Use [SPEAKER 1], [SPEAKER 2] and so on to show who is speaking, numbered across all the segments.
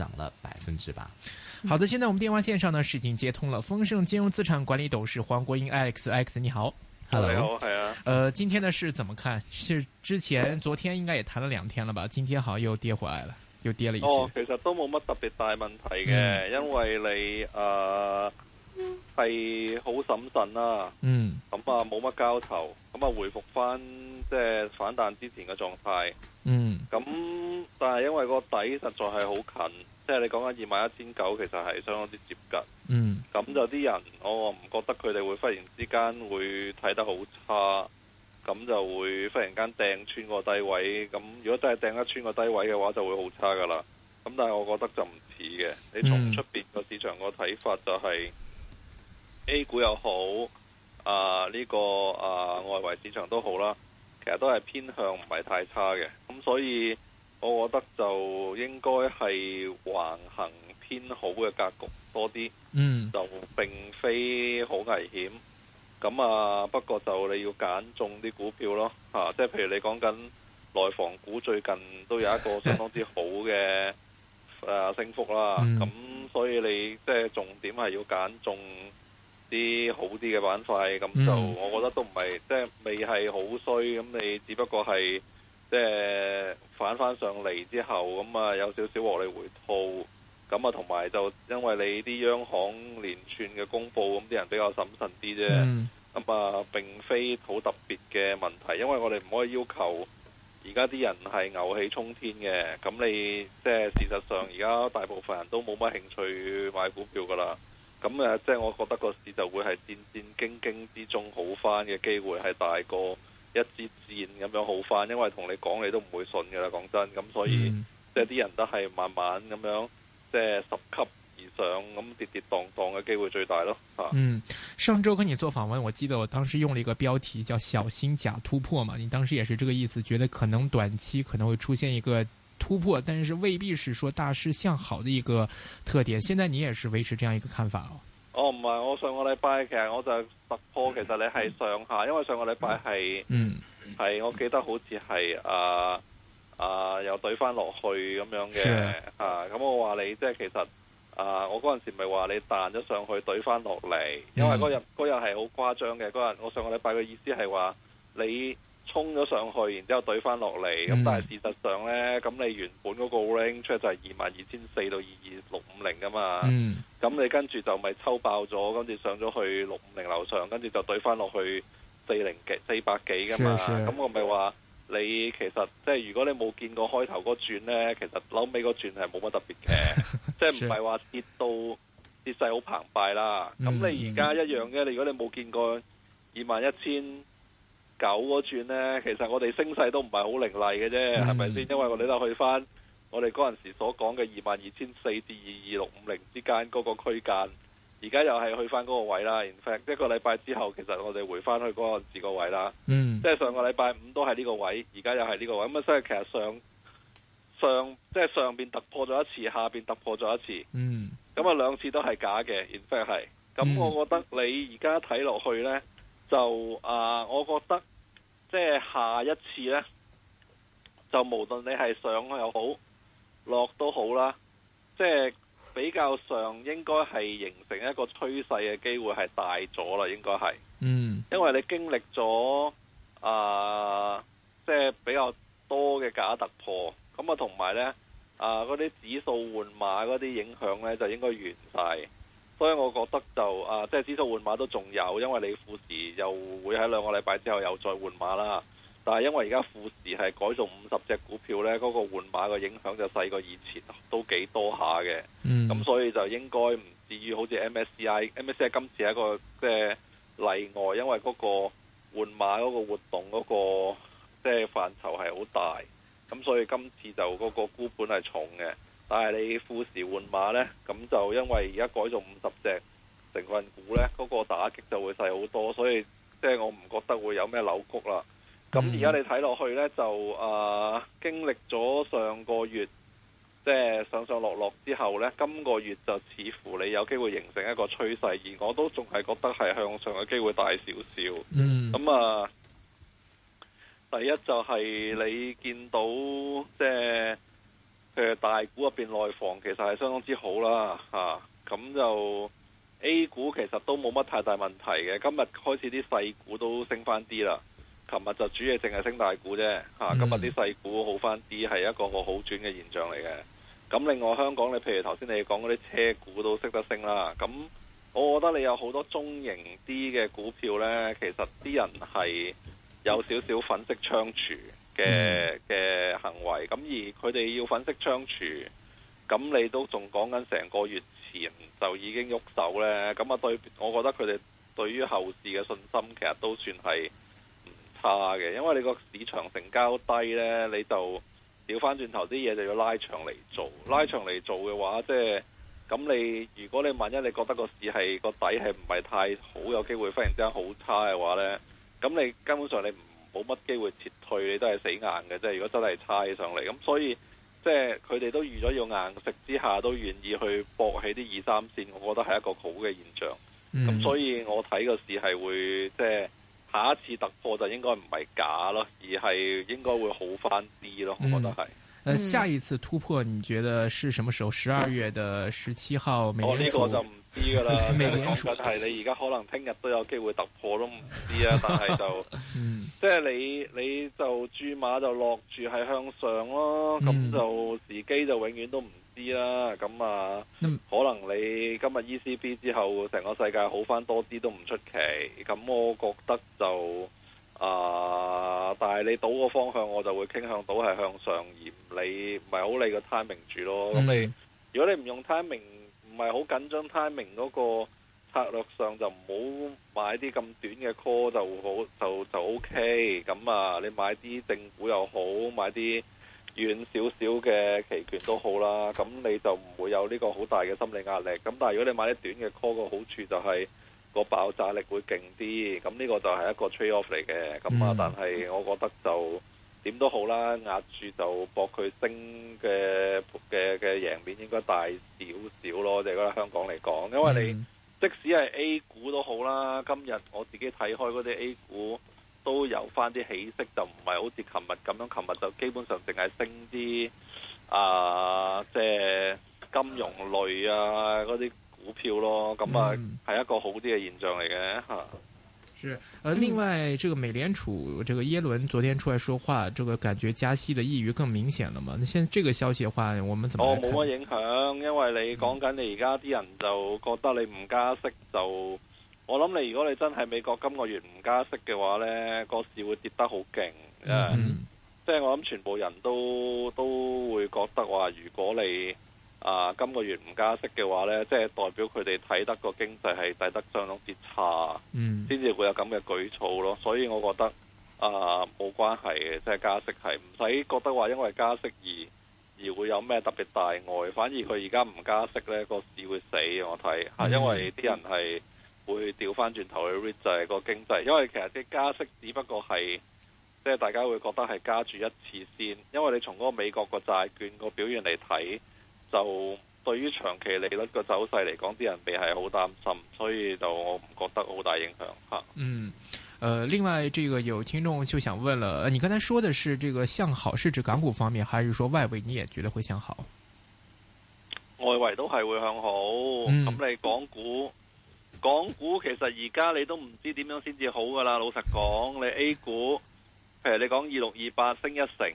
[SPEAKER 1] 漲了百分之八。好的，現在我們電話線
[SPEAKER 2] 上呢是已經接通了。豐盛金融資產管理董事黃國英 Alex，Alex，Alex，你好，Hello，係啊，呃，今天呢是怎麼看？是之前昨天應該也談了兩天了吧？今天好像又跌回來了，又跌了一
[SPEAKER 3] 些。哦，其實都冇乜特別大問題嘅，Okay. 因為你啊。呃係好審慎啦，神神啊、嗯，咁啊冇乜交投咁啊，回復翻即係反彈之前嘅狀態，嗯，咁但係因為個底實在係好近，即係你講緊二萬一千九，其實係相當之接近，嗯，咁就啲人我唔覺得佢哋會忽然之間會睇得好差，咁就會忽然間掟穿個低位，咁如果真係掟得穿個低位嘅話，就會好差噶啦。咁但係我覺得就唔似嘅，你從出面個市場個睇法就係、是。嗯 A 股又好，啊呢、這個啊外圍市場都好啦，其實都係偏向唔係太差嘅。咁所以我覺得就應該係橫行偏好嘅格局多啲，嗯，就並非好危險。咁啊，不過就你要揀中啲股票咯，吓、啊，即係譬如你講緊內房股最近都有一個相當之好嘅誒、 啊、升幅啦。咁、嗯、所以你即係重點係要揀中。啲好啲嘅板塊，咁就我覺得都唔係，即係未係好衰。咁你只不過係即係反翻上嚟之後，咁啊有少少獲利回吐。咁啊同埋就因為你啲央行連串嘅公佈，咁啲人比較審慎啲啫。咁啊、嗯、並非好特別嘅問題，因為我哋唔可以要求而家啲人係牛氣沖天嘅。咁你即係、就是、事實上而家大部分人都冇乜興趣買股票噶啦。咁啊，即係我覺得個市就會係戰戰兢兢之中好翻嘅機會係大過一支箭咁樣好翻，因為同你講你都唔會信㗎啦，講真，咁所以即係啲人都係慢慢咁樣，即係十級以上咁跌跌蕩蕩嘅機會最大咯吓。
[SPEAKER 2] 嗯，上週跟你做訪問，我記得我當時用了一個標題叫小心假突破嘛，你當時也是這個意思，覺得可能短期可能會出現一個。突破，但是未必是說大勢向好的一個特點。現在你也是維持這樣一個看法哦。
[SPEAKER 3] 唔係，我上個禮拜其實我就突破，其實你係上下，因為上個禮拜係，嗯，係我記得好似係、呃呃、啊啊又懟翻落去咁樣嘅，啊咁我話你即係其實啊、呃，我嗰陣時唔係話你彈咗上去懟翻落嚟，因為嗰日嗰日係好誇張嘅，嗰日我上個禮拜嘅意思係話你。衝咗上去，然之後堆翻落嚟。咁、嗯、但係事實上呢，咁你原本嗰個 range 出就係二萬二千四到二二六五零㗎嘛。咁、嗯、你跟住就咪抽爆咗，跟住上咗去六五零樓上，跟住就堆翻落去四零幾四百幾㗎嘛。咁我咪話你其實即係如果你冇見過開頭嗰轉咧，其實樓尾嗰轉係冇乜特別嘅， 即係唔係話跌到跌勢好澎湃啦。
[SPEAKER 4] 咁、嗯、你而家
[SPEAKER 3] 一樣嘅，嗯、你如果你冇見過二萬一千。九嗰轉呢，其實我哋升勢都唔係好凌厲嘅啫，係咪先？嗯、因為我哋都去翻我哋嗰陣時所講嘅二萬二千四至二二六五零之間嗰個區間，而家又係去翻嗰個位啦。然之後一個禮拜之後，其實我哋回翻去嗰陣時個位啦。嗯，即係上個禮拜五都係呢個位，而家又係呢個位。咁啊，所以其實上上即係、就是、上邊突破咗一次，下邊突破咗一次。嗯，咁啊兩次都係假嘅，然之後係。咁我覺得你而家睇落去呢。就啊、呃，我覺得即係下一次呢，就無論你係上又好，落都好啦，即係比較上應該係形成一個趨勢嘅機會係大咗啦，應該係。嗯，因為你經歷咗啊，即係比較多嘅假突破，咁啊同埋呢，啊嗰啲指數換馬嗰啲影響呢，就應該完晒。所以我覺得就啊，即係指數換碼都仲有，因為你富時又會喺兩個禮拜之後又再換碼啦。但係因為而家富時係改做五十隻股票咧，嗰、嗰個換碼嘅影響就細過以前，都幾多下嘅。嗯、咁所以就應該唔至於好似 MSCI，MSCI 今次係一個即係例外，因為嗰個換碼嗰個活動嗰個即係範疇係好大。咁所以今次就嗰個股本係重嘅。但係你富時換馬呢，咁就因為而家改做五十隻成分股呢，嗰個，個打擊就會細好多，所以即係、就是、我唔覺得會有咩扭曲啦。
[SPEAKER 4] 咁而家你
[SPEAKER 3] 睇落去呢，就啊，經歷咗上個月即係、就是、上上落落之後呢，今個月就似乎你有機會形成一個趨勢，而我都仲係覺得係向上嘅機會大少少。嗯，咁啊，第一就係你見到即係。就是大股入邊內房其實係相當之好啦，吓、啊、咁就 A 股其實都冇乜太大問題嘅。今日開始啲細股都升翻啲啦，琴日就主要淨係升大股啫，吓、啊嗯、今日啲細股好翻啲，係一個個好轉嘅現象嚟嘅。咁、啊、另外香港你譬如頭先你講嗰啲車股都識得升啦，咁、啊、我覺得你有好多中型啲嘅股票呢，其實啲人係有少少粉飾櫥窗嘅嘅。嗯佢哋要粉飾櫥窗，咁你都仲講緊成個月前就已經喐手咧，咁啊、對，我覺得佢哋對於後市嘅信心其實都算係唔差嘅，因為你個市場成交低咧，你就調翻轉頭啲嘢就要拉長嚟做，拉長嚟做嘅話，即係咁你，如果你萬一你覺得個市係個底係唔係太好，有機會忽然之間好差嘅話咧，咁你根本上你唔冇乜機會撤退，你都係死硬嘅，即係如果真係差上嚟，咁所以即係佢哋都預咗要硬食之下，都願意去搏起啲二三線，我覺得係一個好嘅現象。咁、嗯、所以我睇個市係會即係下一次突破就應該唔係假咯，而係應該會好翻啲咯。嗯、我覺得係。嗯、下一
[SPEAKER 2] 次突破，你覺得是什麼時候？十二月嘅十七號？呢、嗯哦這個就。知噶啦講緊
[SPEAKER 3] 係你而家可能聽日都有機會突破都唔知啊，但係就、
[SPEAKER 4] 嗯、
[SPEAKER 3] 即係你你就注碼就落住係向上咯，咁、嗯、就時機，就永遠都唔知啦。咁啊，嗯、可能你今日 ECB 之後成個世界好翻多啲都唔出奇。咁我覺得就啊、呃，但係你賭個方向，我就會傾向賭係向上，而你唔係好理你個 timing 住咯。咁你、嗯、如果你唔用 timing？唔係好緊張 timing 嗰個策略上就唔好買啲咁短嘅 call 就好，就就 OK 咁啊。你買啲正股又好，買啲遠少少嘅期權都好啦。咁你就唔會有呢個好大嘅心理壓力。咁但係如果你買啲短嘅 call，個好處就係個爆炸力會勁啲。咁呢個就係一個 trade off 嚟嘅。咁啊，嗯、但係我覺得就。點都好啦，壓住就搏佢升嘅嘅嘅贏面應該大少少咯，即係講喺香港嚟講，因為你即使係 A 股都好啦，今日我自己睇開嗰啲 A 股都有翻啲起色，就唔係好似琴日咁樣，琴日就基本上淨係升啲啊，即係金融類啊嗰啲股票咯，咁啊係一個好啲嘅現象嚟嘅嚇。
[SPEAKER 2] 是，呃，另外，嗯、這個美聯儲這個耶倫昨天出來說話，這個感覺加息的意欲更明顯了嘛？現在這個消息的話，我們怎麼睇？哦，冇乜
[SPEAKER 3] 影響，因為你講緊你而家啲人就覺得你唔加息就，我諗你如果你真係美國今個月唔加息嘅話呢個市會跌得好勁啊！即係、嗯嗯、我諗全部人都都會覺得話，如果你啊！今個月唔加息嘅話呢即係代表佢哋睇得個經濟係抵得相當之差，嗯，先至會有咁嘅舉措咯。所以我覺得啊，冇關係嘅，即係加息係唔使覺得話因為加息而而會有咩特別大外。反而佢而家唔加息呢個市會死。我睇吓、嗯、因為啲人係會掉翻轉頭去 read 就係個經濟。因為其實啲加息只不過係即係大家會覺得係加住一次先。因為你從嗰個美國個債券個表現嚟睇。就對於長期利率嘅走勢嚟講，啲人係好擔心，所以就我唔覺得好大影響吓。嗯、
[SPEAKER 2] 呃，另外這個有聽眾就想問了，你剛才說的是這個向好是指港股方面，還是說外圍你也覺得會向好？
[SPEAKER 3] 外圍都係會向好，咁、嗯、你港股，港股其實而家你都唔知點樣先至好㗎喇。老實講，你 A 股，譬如你講二六二八升一成，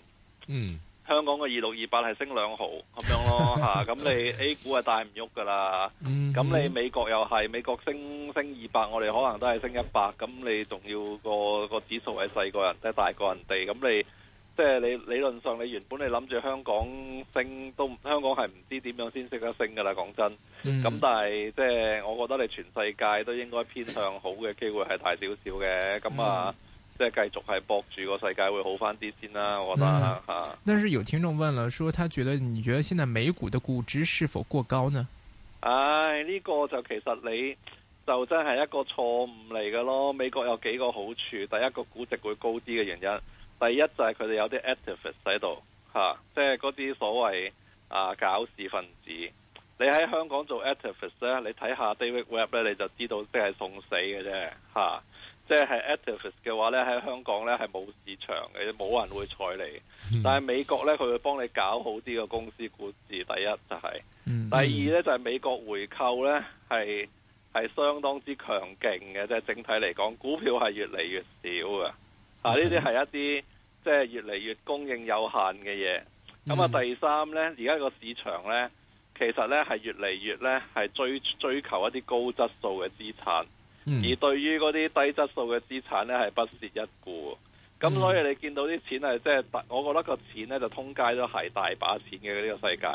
[SPEAKER 3] 嗯。香港嘅二六二八係升兩毫咁樣咯吓，咁、 啊、你 A 股啊帶唔喐噶啦，咁、
[SPEAKER 4] mm hmm. 你美
[SPEAKER 3] 國又係美國升升二百，我哋可能都係升一百，咁你仲要個個指數係細過人，即、就、係、是、大過人哋，咁你即係、就是、你理論上你原本你諗住香港升都唔，香港係唔知點樣先識得升噶啦，講真，咁、
[SPEAKER 4] mm hmm. 但
[SPEAKER 3] 係即係我覺得你全世界都應該偏向好嘅機會係大少少嘅，咁啊。Mm hmm. 即係繼續係搏住個世界會好翻啲先啦，我覺得吓。嗯啊、
[SPEAKER 2] 但是有聽眾問啦，說他覺得你覺得現在美股嘅估值是否過高呢？
[SPEAKER 3] 唉、哎、呢、這個就其實你就真係一個錯誤嚟嘅咯。美國有幾個好處，第一個估值會高啲嘅原因，第一就係佢哋有啲 activist 喺度吓、啊，即係嗰啲所謂啊搞事分子。你喺香港做 activist 咧，你睇下 David Webb 咧，你就知道即係送死嘅啫吓。啊即係 activist 嘅話咧，喺香港咧係冇市場嘅，冇人會睬你。嗯、但係美國咧，佢會幫你搞好啲嘅公司股市。第一就係、是。
[SPEAKER 4] 第二咧
[SPEAKER 3] 就係美國回購咧係係相當之強勁嘅。即、就、係、是、整體嚟講，股票係越嚟越少的、嗯、啊！呢啲係一啲即係越嚟越供應有限嘅嘢。
[SPEAKER 4] 咁啊、嗯，第
[SPEAKER 3] 三咧，而家個市場咧，其實咧係越嚟越咧係追追求一啲高質素嘅資產。嗯、而對於嗰啲低質素嘅資產咧，係不屑一顧。咁所以你見到啲錢是，係即係我覺得個錢咧就通街都係大把錢嘅呢、呢個世界。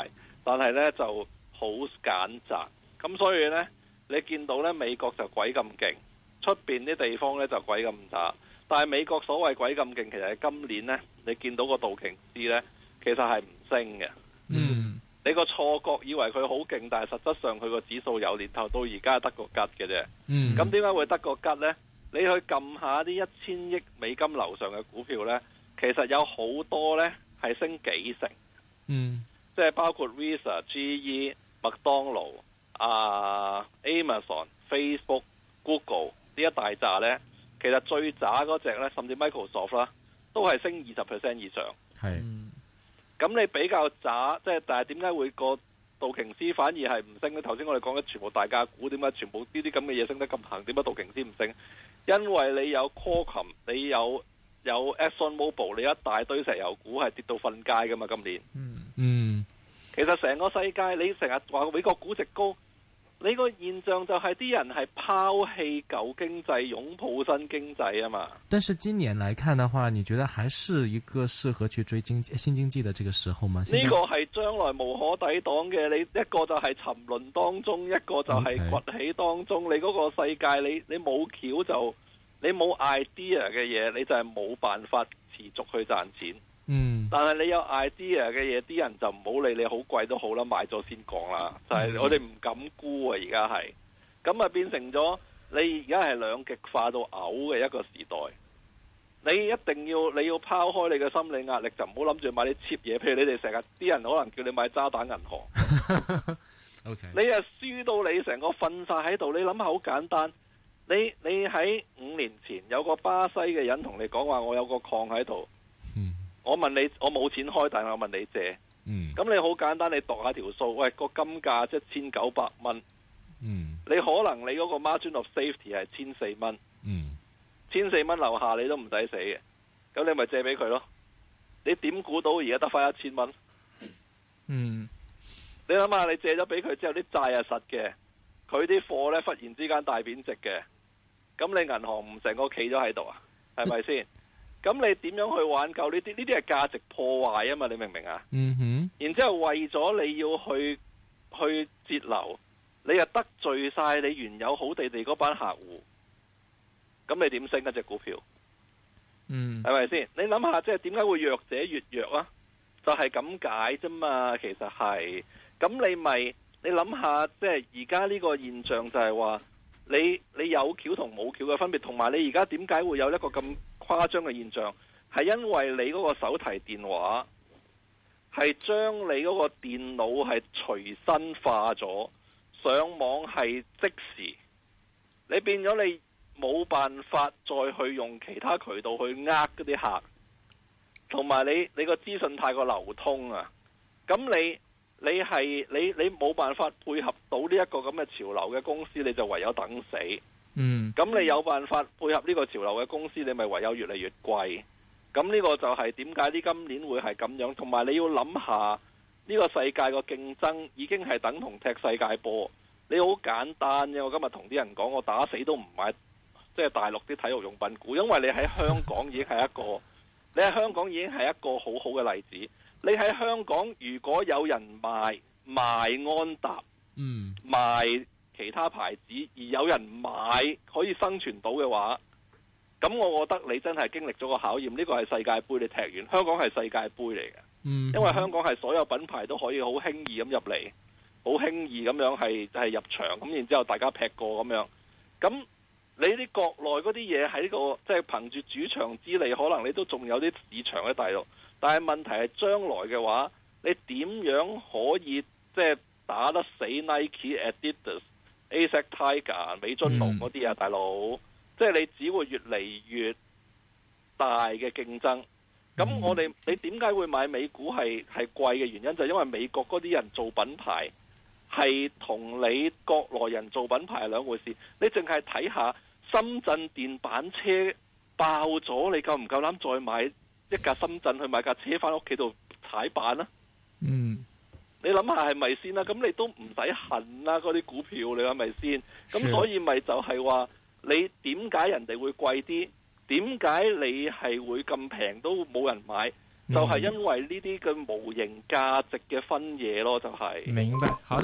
[SPEAKER 3] 但係咧就好揀擇。咁所以咧，你見到咧美國就鬼咁勁，出邊啲地方咧就鬼咁渣。但係美國所謂鬼咁勁，其實係今年咧，你見到個道瓊斯咧，其實係唔升嘅。嗯。你個錯覺以為佢好勁，但係實質上佢個指數有年頭到而家得個吉嘅啫。嗯，咁點解會得個吉呢？你去撳下啲一千億美金樓上嘅股票呢，其實有好多呢係升幾成。嗯，即係包括 Visa、GE、麥當勞、啊 Amazon、Facebook、Google 呢一大扎呢。其實最渣嗰隻呢，甚至 Microsoft 啦，都係升二十 percent 以上。嗯。咁你比較渣，即係但係點解會個道瓊斯反而係唔升呢？頭先我哋講緊全部大價股，點解全部呢啲咁嘅嘢升得咁行？點解道瓊斯唔升？因為你有 c 柯琴，你有有 Exxon Mobil，你一大堆石油股係跌到瞓街噶嘛。今年，嗯，嗯，其實成個世界你成日話美國估值高。呢個現象就係啲人係拋棄舊經濟，擁抱新經濟啊嘛。
[SPEAKER 1] 但是今年來看的話，你覺得還是一個適合去追經濟新經濟的這個時候嗎？呢個
[SPEAKER 3] 係將來無可抵擋嘅。你一個就係沉淪當中，一個就係崛起當中。Okay. 你嗰個世界你，你你冇橋就你冇 idea 嘅嘢，你就係冇辦法持續去賺錢。嗯，但係你有 idea 嘅嘢，啲人就唔好理，你好貴都好啦，買咗先講啦。就係我哋唔敢估啊，而家係，咁啊變成咗你而家係兩極化到嘔嘅一個時代。你一定要你要拋開你嘅心理壓力，就唔好諗住買啲 cheap 嘢。譬如你哋成日啲人可能叫你買渣打銀行， Okay. 你啊輸到你成個瞓晒喺度。你諗下好簡單，你你喺五年前有個巴西嘅人同你講話，我有個礦喺度。我問你，我冇錢開，但係我問你借。嗯，咁你好簡單，你度下條數，喂個金價即係千九百蚊。嗯，你可能你嗰個 margin of safety 係千四蚊。嗯，千四蚊樓下你都唔使死嘅，咁你咪借俾佢咯。你點估到而家得翻一千蚊？嗯，你諗下，你借咗俾佢之後，啲債係實嘅，佢啲貨咧忽然之間大貶值嘅，咁你銀行唔成個企咗喺度啊？係咪先？嗯咁你點樣去挽救呢啲？呢啲係價值破壞啊嘛，你明唔明啊？嗯哼、mm。Hmm. 然之後為咗你要去去節流，你又得罪晒你原有好地地嗰班客戶，咁你點升一隻股票？嗯、
[SPEAKER 4] mm，
[SPEAKER 3] 係咪先？你諗下，即係點解會弱者越弱啊？就係咁解啫嘛，其實係。咁你咪你諗下，即係而家呢個現象就係話，你你有橋同冇橋嘅分別，同埋你而家點解會有一個咁？誇張嘅現象係因為你嗰個手提電話係將你嗰個電腦係隨身化咗，上網係即時，你變咗你冇辦法再去用其他渠道去呃嗰啲客，同埋你你個資訊太過流通啊，咁你你係你你冇辦法配合到呢一個咁嘅潮流嘅公司，你就唯有等死。嗯，咁你有辦法配合呢個潮流嘅公司，你咪唯有越嚟越貴。咁呢個就係點解呢？今年會係咁樣，同埋你要諗下呢個世界嘅競爭已經係等同踢世界波。你好簡單啫，我今日同啲人講，我打死都唔買，即係大陸啲體育用品股，因為你喺香港已經係一個，你喺香港已經係一個好好嘅例子。你喺香港如果有人賣賣安踏，嗯，賣。其他牌子而有人買可以生存到嘅話，咁我覺得你真係經歷咗個考驗。呢個係世界杯你踢完，香港係世界杯嚟嘅，嗯、
[SPEAKER 4] 因為香
[SPEAKER 3] 港係所有品牌都可以好輕易咁入嚟，好輕易咁樣係係入場咁。然之後大家劈過咁樣，咁你啲國內嗰啲嘢喺呢個即係憑住主場之利，可能你都仲有啲市場喺大陸。但係問題係將來嘅話，你點樣可以即係、就是、打得死 Nike、Adidas？Asics、Tiger 美津濃嗰啲啊，嗯、大佬，即係你只會越嚟越大嘅競爭。咁我哋，你點解會買美股係係貴嘅原因？就係、是、因為美國嗰啲人做品牌，係同你國內人做品牌係兩回事。你淨係睇下深圳電板車爆咗，你夠唔夠膽再買一架深圳去買架車翻屋企度踩板啊？嗯。你諗下係咪先啦、啊？咁你都唔使恨啦、啊，嗰啲股票你係咪先？咁所以咪就係話，你點解人哋會貴啲？點解你係會咁平都冇人買？
[SPEAKER 4] 就係、是、因
[SPEAKER 3] 為呢啲嘅無形價值嘅分野咯、就是，就係。明
[SPEAKER 4] 白，好的。